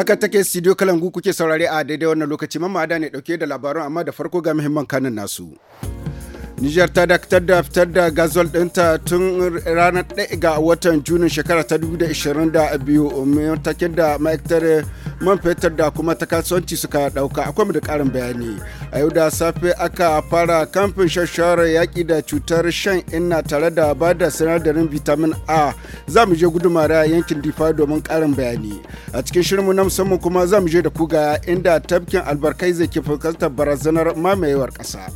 Haka take studio kalangu kuke saurare a daidai wannan lokaci mamma da ne dauke da labaran amma da farko ga muhimman kanin nasu. Nijar ta dakatar da fitar da gazol dinta tun ranar 1 ga watan Junin shekara ta 2022 matakin da ma'aikatar man fetur da kuma ta kasuwanci suka ɗauka akwai mu da ƙarin bayani. A yau da safe aka fara kamfin shashawar yaƙi da cutar shan inna tare da ba da sinadarin vitamin A za mu je gudumara yankin difa domin ƙarin bayani. A cikin shirinmu na musamman kuma za mu je da kuga inda tafkin albarkai zai ke fuskantar barazanar mamayewar ƙasa.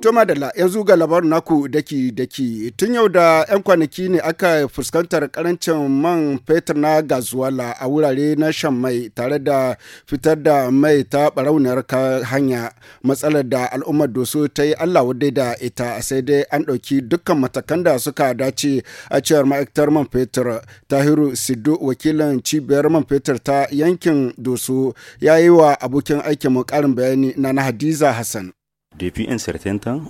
To madalla yanzu ga labarin naku daki daki tun yau da 'yan kwanaki ne aka fuskantar karancin man fetur na gazuwala a wurare na shan mai tare da fitar da mai ta barauniyar hanya matsalar da al'ummar doso ta yi Allah wadai da ita sai dai an ɗauki dukkan matakan da suka dace a cewar ma'aikatar man fetur tahiru siddu wakilin cibiyar man fetur ta yankin doso ya yi wa abokin aikinmu karin bayani na hadiza hassan Depuis un certain temps,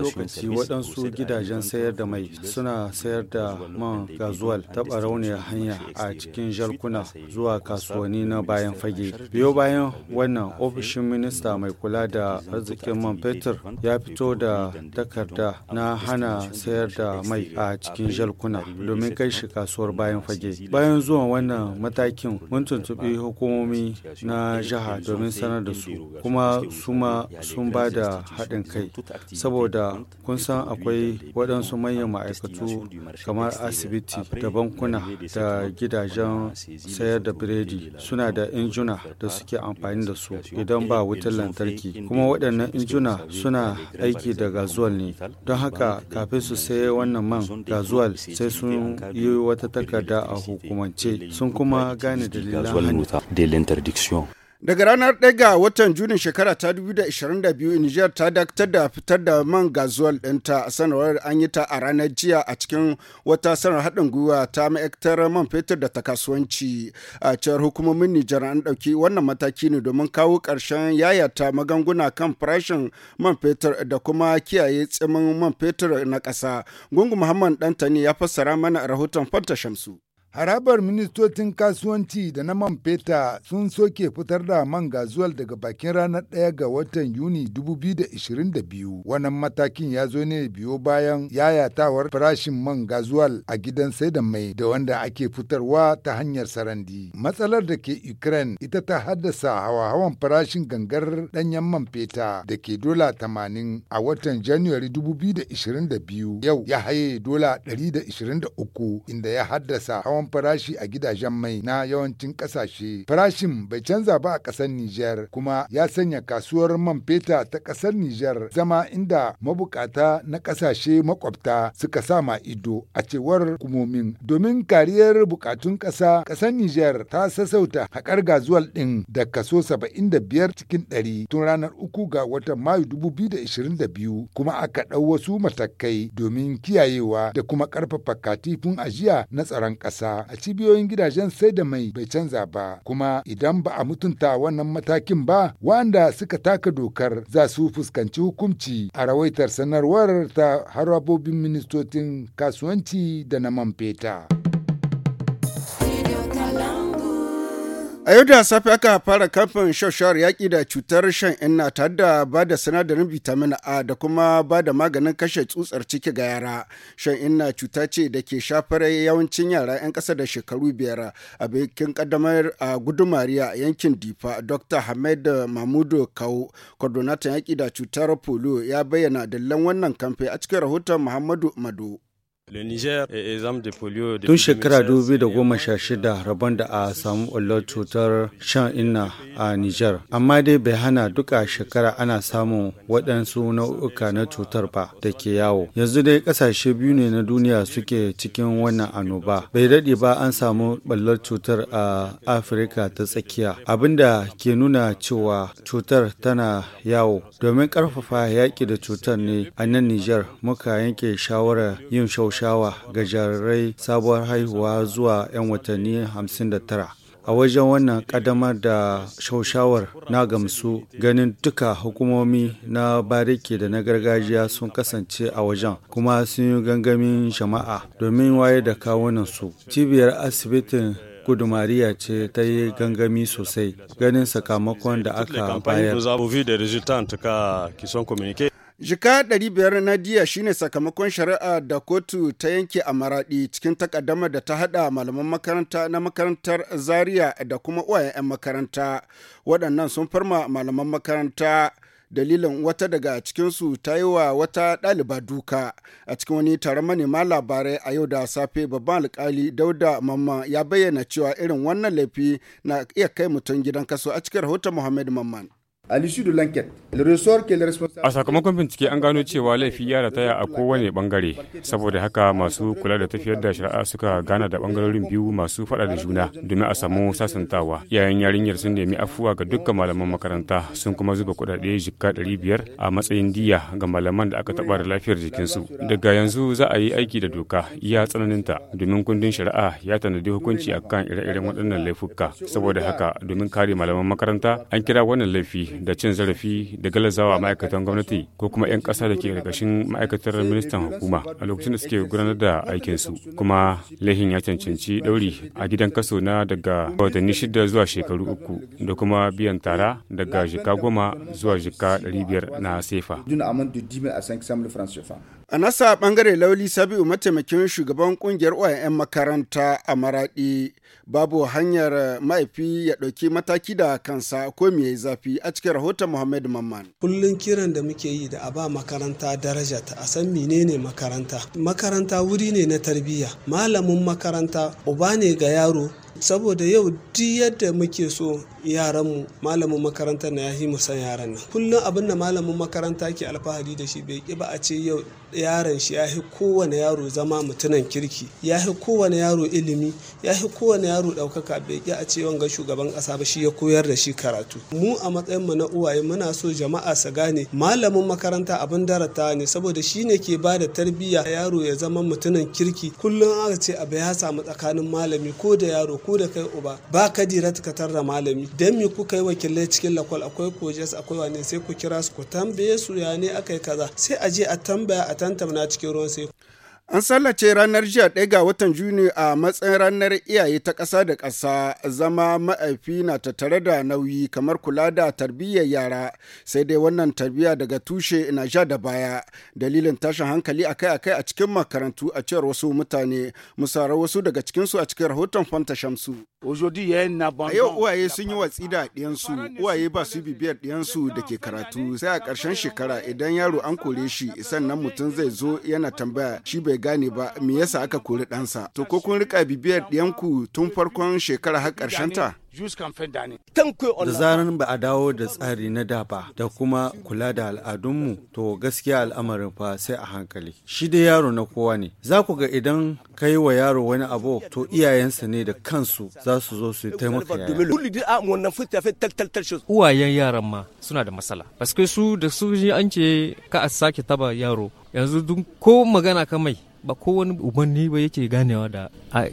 lokaci waɗansu gidajen sayar da mai suna sayar da man gazuwal taɓa rauniyar hanya a cikin jalkuna zuwa kasuwanni na bayan fage. Biyo bayan wannan ofishin minista mai kula da arzikin man fetur ya fito da takarda na hana sayar da mai a cikin jalkuna domin kai shi kasuwar bayan fage. Bayan zuwa wannan matakin mun tuntuɓi hukumomi na jiha domin sanar da su kuma suma sun ba da haɗin kai saboda kun san akwai waɗansu manyan ma'aikatu kamar asibiti da bankuna da gidajen sayar da biredi suna da injuna da suke amfani da su idan ba wutar lantarki kuma waɗannan injuna suna aiki da gazuwal ne don haka kafin su saye wannan man gazuwal sai sun yi wata takarda a hukumance sun kuma gane dalilan Daga ranar ɗaya ga watan Junin shekara ta 2022 Nijar ta dakatar da fitar da man gazuwal ɗinta sanarwar an yi ta a ranar jiya a cikin wata sanar haɗin gwiwa ta ma'aikatar man fetur da ta kasuwanci a cewar hukumomin Nijar an ɗauki wannan mataki ne domin kawo ƙarshen yayata maganguna kan farashin man fetur da kuma kiyaye tsimin man fetur na ƙasa. Gungun Muhammad Dantani ya fassara mana rahoton Fanta Shamsu. Harabar ministocin kasuwanci da na man feta sun soke fitar da man gazuwal daga bakin ranar 1 ga watan Yuni 2022. Wannan matakin ya zo ne biyo bayan yayatawar farashin man gazuwal a gidan saida mai da wanda ake fitarwa ta hanyar sarandi. Matsalar da ke Ukraine ita ta haddasa hawa-hawan farashin gangar danyen man feta da ke dola 80 a watan January 2022 yau ya haye dola 123 inda ya haddasa hawan hawan farashi a gidajen mai na yawancin ƙasashe. Farashin bai canza ba a ƙasar Nijar kuma ya sanya kasuwar man feta ta ƙasar Nijar zama inda mabukata na ƙasashe makwabta suka sama ido a cewar hukumomin. Domin kariyar bukatun ƙasa, ƙasar Nijar ta sassauta haƙar gazuwal ɗin da kaso 75 cikin 100 tun ranar 3 ga watan Mayu 2022 kuma aka ɗau wasu matakai domin kiyayewa da kuma ƙarfafa katifin ajiya na tsaron ƙasa. a cibiyoyin gidajen sai da mai bai canza ba kuma idan ba a mutunta wannan matakin ba wanda suka taka dokar za su fuskanci hukunci a rawaitar sanarwar ta harabobin ministocin kasuwanci da na man feta. A yau da safe aka fara kamfan shawarar yaƙi da cutar shan inna ta da ba da sinadarin vitamin A da kuma ba da maganin kashe tsutsar ciki ga yara. Shan inna cuta ce da ke shafar yawancin yara 'yan ƙasa da shekaru biyar a bikin ƙaddamar a gudumariya yankin Difa. Dr. Hamed Mahmudu kawo coordinator yaƙi da cutar polio ya bayyana dillan wannan kamfe a cikin rahoton Muhammadu Mado. Tun shekara 2016 rabon da a samu ɓullar cutar shan inna a Nijar, amma dai bai hana duka shekara ana samun waɗansu nau'uka na cutar ba da ke yawo. Yanzu dai ƙasashe biyu ne na duniya suke cikin wannan annoba. Bai daɗe ba an samu ɓullar cutar a Afirka ta tsakiya, abinda ke nuna cewa cutar tana yawo. Domin ƙarfafa yaƙi da cutar ne a nan Nijar muka yanke shawarar yin shaushe shawa ga jarirai sabuwar haihuwa zuwa 'yan watanni 59. a wajen wannan kadamar da shaushawar na gamsu ganin duka hukumomi na bariki da na gargajiya sun kasance a wajen kuma sun yi gangamin jama'a domin waye da kawunan su cibiyar asibitin gudumariya ce ta yi gangami sosai ganin sakamakon da aka bayar Jika 500 na diya shine sakamakon shari'a da kotu ta yanke a maraɗi cikin takaddama da ta haɗa malaman makaranta na makarantar Zaria da kuma uwayen 'yan makaranta. Waɗannan sun farma malaman makaranta dalilin wata daga cikinsu ta yi wa wata ɗaliba duka a cikin wani taron manema labarai a yau da safe babban alkali dauda mamman ya bayyana cewa irin wannan laifi na iya kai mutum gidan kaso a cikin rahoton muhammad mamman A sakamakon bincike an gano cewa laifi ya rataya a kowane bangare, saboda haka masu kula da tafiyar da shari'a suka gana da bangarorin biyu masu faɗa da juna domin a samu sasantawa. Yayin yarinyar sun nemi afuwa ga dukkan malaman makaranta sun kuma zuba kudade jikka 500 biyar a matsayin diya ga malaman da aka taɓa da lafiyar jikin su Daga yanzu za a yi aiki da doka iya tsananinta domin kundin shari'a ya tanadi hukunci akan ire-iren waɗannan laifuka. Saboda haka domin kare malaman makaranta an kira wannan laifi da cin zarafi da galazawa ma'aikatan gwamnati ko kuma 'yan ƙasa da ke ƙarƙashin ma'aikatar ministan hukuma a lokacin da suke gudanar da aikinsu kuma laihin ya cancanci ɗauri a gidan kaso na daga watanni shida zuwa shekaru uku da kuma biyan tara daga jika goma zuwa jika ɗari biyar na sefa. A nasa bangare Lauli Sabiu mataimakin shugaban kungiyar yan makaranta a Maraɗi babu hanyar eh, mahaifi ya ɗauki mataki da kansa ko me yayi zafi a cikin rahoton Muhammad Mamman. Kullun kiran da muke yi da a ba makaranta daraja ta a san menene makaranta. Makaranta wuri ne na tarbiyya. Malamin makaranta uba ne ga yaro saboda yau duk yadda muke so yaranmu malamin makarantar na ya fi mu san yaran nan kullum abin da malamin makaranta ke alfahari da shi bai ki ba a ce yau yaron shi ya fi kowane yaro zama mutunan kirki ya fi kowane yaro ilimi ya fi kowane yaro ɗaukaka bai ƙi a ce wanga shugaban ƙasa ba shi ya koyar da shi karatu mu a matsayin mu na uwaye muna so jama'a su gane malamin makaranta abin darata ne saboda shi ne ke ba da tarbiyya yaro ya zama mutunan kirki kullum aka ce abu ya samu tsakanin malami ko da yaro ko da kai uba ba ka dirat ka tarra malami dan me kuka yi wakilai cikin lakwal akwai kojes akwai wane sai ku kira su ku tambaye su ya ne aka yi kaza sai a je a tambaya a tantamna cikin ruwan sai An sallace ranar jiya ɗaya ga watan Juni a matsayin ranar iyaye ta ƙasa da ƙasa zama ma'aifi na tattare da nauyi kamar kula da tarbiyyar yara sai dai wannan tarbiyya daga tushe na ja da baya dalilin tashin hankali akai-akai a cikin makarantu a cewar wasu mutane musarar wasu daga cikinsu a cikin rahoton Fanta Shamsu. A yau uwaye sun yi watsi da ɗiyansu, uwaye ba su bibiyar ɗiyansu da ke karatu sai a ƙarshen shekara idan yaro an kore shi sannan mutum zai zo yana tambaya shi bai gane ba me yasa aka kori ɗansa. To ko kun rika bibiyar ɗiyanku tun farkon shekara har ƙarshen ta? Da zarar ba a dawo da tsari na da ba da kuma kula da al'adunmu to gaskiya al'amarin fa sai a hankali. Shi dai yaro na kowa ne. Za ku ga idan ka yi wa yaro wani abu to iyayensa ne da kansu za su zo su taimaka Uwayen yaran ma suna da matsala. Paske su da su an ce ka a sake taba yaro yanzu duk ko magana ka mai ba kowane ubanni ba yake ganewa da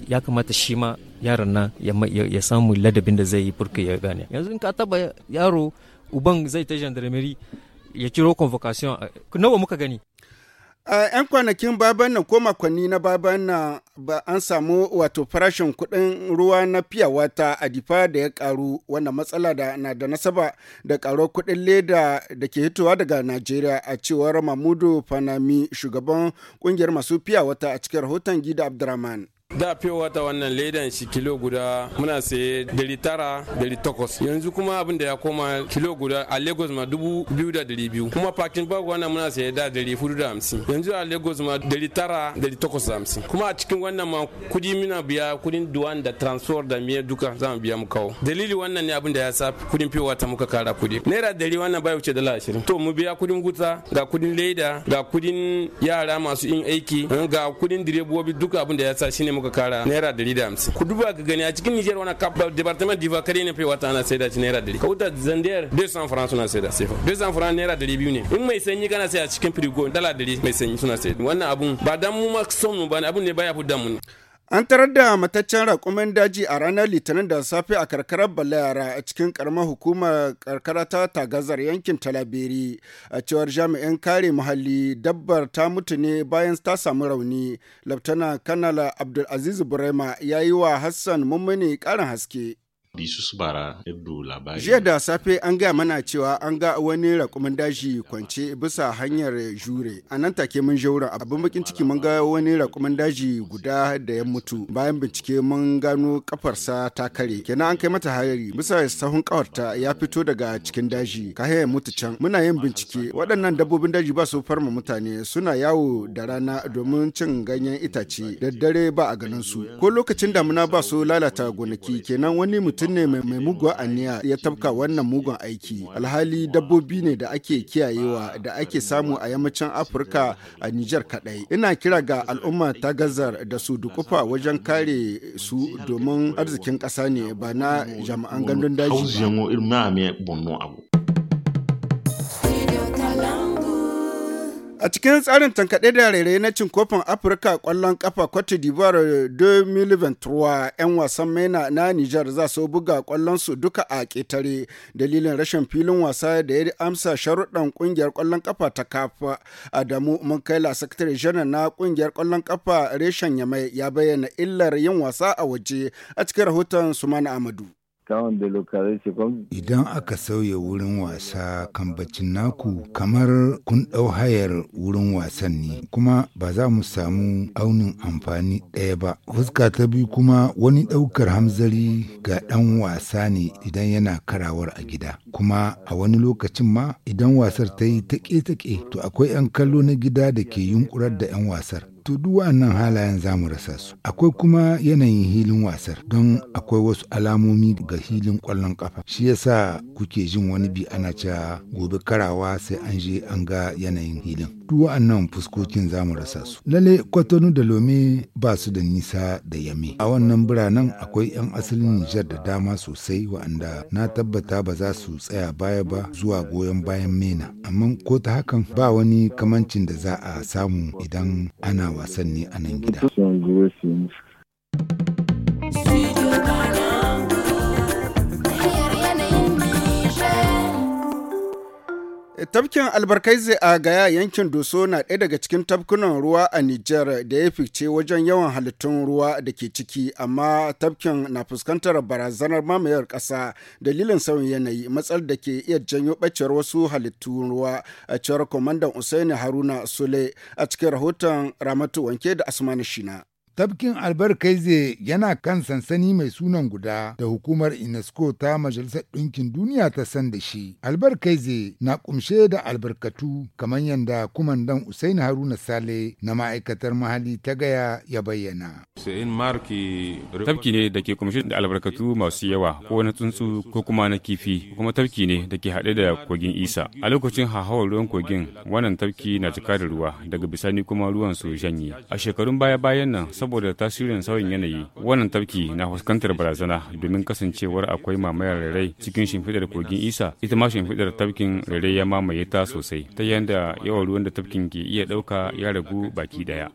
ya kamata shi ma yaron nan ya samu ladabin da zai yi burka ya gane yanzu in ka taba yaro uban zai ta gendarmerie ya kiro convocation nawa muka gani a yan kwanakin baban nan ko makonni na baban nan ba an samu wato farashin kuɗin ruwa na fiya wata a difa da ya karu wannan matsala da na da nasaba da karo kuɗin leda da ke hitowa daga najeriya a cewar mamudu fanami shugaban ƙungiyar masu fiya wata a cikin rahoton gida abdurrahman da fiye wata wannan ledan shi kilo guda muna saye dari tara dari takwas yanzu kuma abin da ya koma kilo guda a lagos ma dubu biyu da dari biyu kuma pakin bag wannan muna saye da dari hudu da hamsin yanzu a lagos ma dari tara dari takwas da hamsin kuma a cikin wannan ma kudi muna biya kudin duwan da transfer da miyar duka za mu biya mu kawo dalili wannan ne abin da ya sa kudin fiye wata muka kara kudi naira dari wannan bai wuce dala ashirin to mu biya kudin guta ga kudin leda ga kudin yara masu yin aiki ga kudin direbobi duka abin da ya sa shine muka kara naira dari da hamsin ku duba ka gani a cikin nijar wani kap departement diva kare ne wata na saida ci naira dari ka wuta zandiyar 200 francs suna saida sefa 200 francs naira dari biyu ne in mai sanyi kana sai a cikin firigo dala dari mai sanyi suna saida wannan abun ba dan mu ma son mu ba ne abun ne baya fi damu ne An tarar da mataccen raƙumin daji a ranar Litinin da safe a karkarar Balayara a cikin karamar hukumar karkara ta tagazar yankin Talabiri. A cewar jami'in kare muhalli dabbar ta mutu ne bayan ta samu rauni. Laftana Kanala Abdulaziz Burema ya yi wa Hassan mummuni ƙarin haske. bisu bara ibdu labari. Jiya da safe an gaya mana cewa an ga wani rakumin daji kwance bisa hanyar jure. A nan take mun jaura abin bakin ciki mun ga wani rakumin daji guda da ya mutu. Bayan bincike mun gano kafarsa ta kare. Kenan an kai mata hayari. bisa sahun kawarta ya fito daga cikin daji. Ka ya mutu can. Muna yin bincike waɗannan dabbobin daji ba su farma mutane suna yawo da rana domin cin ganyen itace da dare ba a ganin su. Ko lokacin damuna ba su lalata gonaki kenan wani mutum mutum ne mai mugun aniya ya tafka wannan mugun aiki alhali dabbobi ne da ake kiyayewa da ake samu a yammacin afirka a nijar kadai ina kira ga al'umma ta gazar da su dukufa wajen kare su domin arzikin ƙasa ne ba na jami'an gandun daji A cikin tsarin tankaɗe da rairayi na cin kofin Afirka ƙwallon ƙafa Cote d'Ivoire 2023 'yan wasan maina na Nijar za su buga su duka a ƙetare dalilin rashin filin wasa da ya amsa sharuɗan ƙungiyar ƙwallon ƙafa ta kafa. Adamu Munkaila Sakatare Janar na ƙungiyar ƙwallon ƙafa reshen Yamai ya bayyana illar yin wasa a waje a cikin rahoton Sumana Amadu. Idan aka sauya wurin wasa kan bacin naku kamar kun ɗau hayar wurin wasan ne kuma ba za mu samu aunin amfani ɗaya ba. Fuska ta biyu kuma wani ɗaukar hamzari ga ɗan wasa ne idan yana karawar a gida. Kuma a wani lokacin ma idan wasar ta yi taƙe-taƙe to akwai 'yan kallo na gida da ke yunkurar da 'yan wasar. to duk wa'annan halayen za mu rasa su akwai kuma yanayin hilin wasar don akwai wasu alamomi ga hilin kwallon kafa shi yasa kuke jin wani bi ana cewa gobe karawa sai an je an ga yanayin hilin duk wa'annan fuskokin za mu rasa su. Lalle Kwatano da Lome ba su da nisa da Yame. A wannan biranen akwai 'yan asalin Nijar da dama sosai wa'anda na tabbata ba za su tsaya baya ba zuwa goyon bayan Mena. Amma ko ta hakan ba wani kamancin da za a samu idan ana wasanni a nan gida. tafkin zai a gaya yankin doso na ɗaya daga cikin tafkunan ruwa a Nijar da ya fice wajen yawan halittun ruwa da ke ciki, amma tafkin na fuskantar barazanar mamayar ƙasa dalilin sauyin yanayi matsalar da ke iya janyo ɓacewar wasu halittun ruwa a cewar kwamandan Usaini Haruna Sule a cikin rahoton Ramatu Wanke da Asmanu Shina. Tafkin Albarkaize yana kan sansani mai sunan guda da hukumar UNESCO ta Majalisar Ɗinkin Duniya ta san da shi. Albarkaize na kumshe da albarkatu kamar yadda kumandan Usain Haruna Sale na ma'aikatar mahalli ta gaya ya bayyana. Tafki ne da ke kumshe da albarkatu masu yawa ko na tsuntsu ko kuma na kifi kuma tafki ne da ke haɗe da kogin Isa. A lokacin hahawar ruwan kogin wannan tafki na cika da ruwa daga bisani kuma ruwan su janye. A shekarun baya-bayan nan saboda tasirin sauyin yanayi wannan tafki na fuskantar barazana domin kasancewar akwai mamayar rairai cikin shimfidar kogin isa ita ma shimfidar tafkin rairai ya mamaye ta sosai ta yadda yawan ruwan da tafkin ke iya dauka ya ragu baki daya.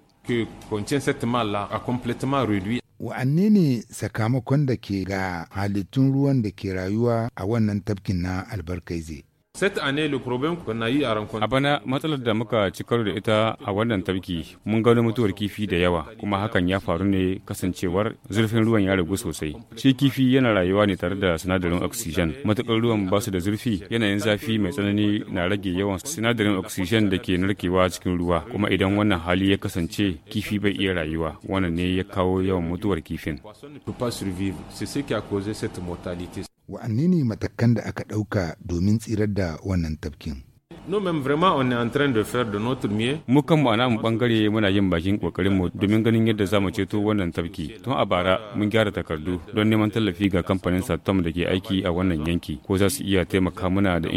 wa'anne ne sakamakon da ke ga halittun ruwan da ke rayuwa a wannan tafkin na albarkaize A bana matsalar da muka cikar da ita a wannan tafki mun gano mutuwar kifi da yawa kuma hakan ya faru ne kasancewar zurfin ruwan ya ragu sosai. Shi kifi yana rayuwa ne tare da sinadarin oxygen. Matukar ruwan ba su da zurfi yanayin zafi mai tsanani na rage yawan sinadarin oxygen da ke narkewa cikin ruwa kuma idan wannan hali ya kasance kifi bai iya rayuwa wannan ne ya kawo yawan mutuwar kifin. wa'annini matakan da aka ɗauka domin tsirar da wannan tafkin train de Mu mu a mu bangare muna yin bakin kokarin mu domin ganin yadda za mu ceto wannan tafki. Tun a bara mun gyara takardu don neman tallafi ga kamfanin Satom da ke aiki a wannan yanki. Ko za su iya taimaka muna da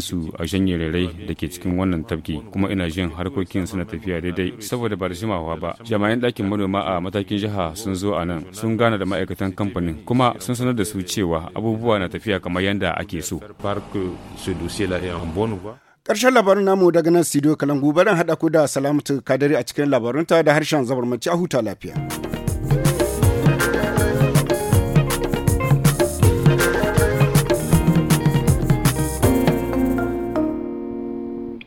su a janye rairai da ke cikin wannan tafki. Kuma ina jin harkokin suna tafiya daidai saboda ba da jimawa ba. Jami'an ɗakin manoma a matakin jiha sun zo a nan sun gana da ma'aikatan kamfanin kuma sun sanar da su cewa abubuwa na tafiya kamar yadda ake so. Ƙarshen labarin namu daga nan studio Kalangu barin haɗa ku da Salamatu Kadari a cikin labarunta da harshen zabarmaci a huta lafiya.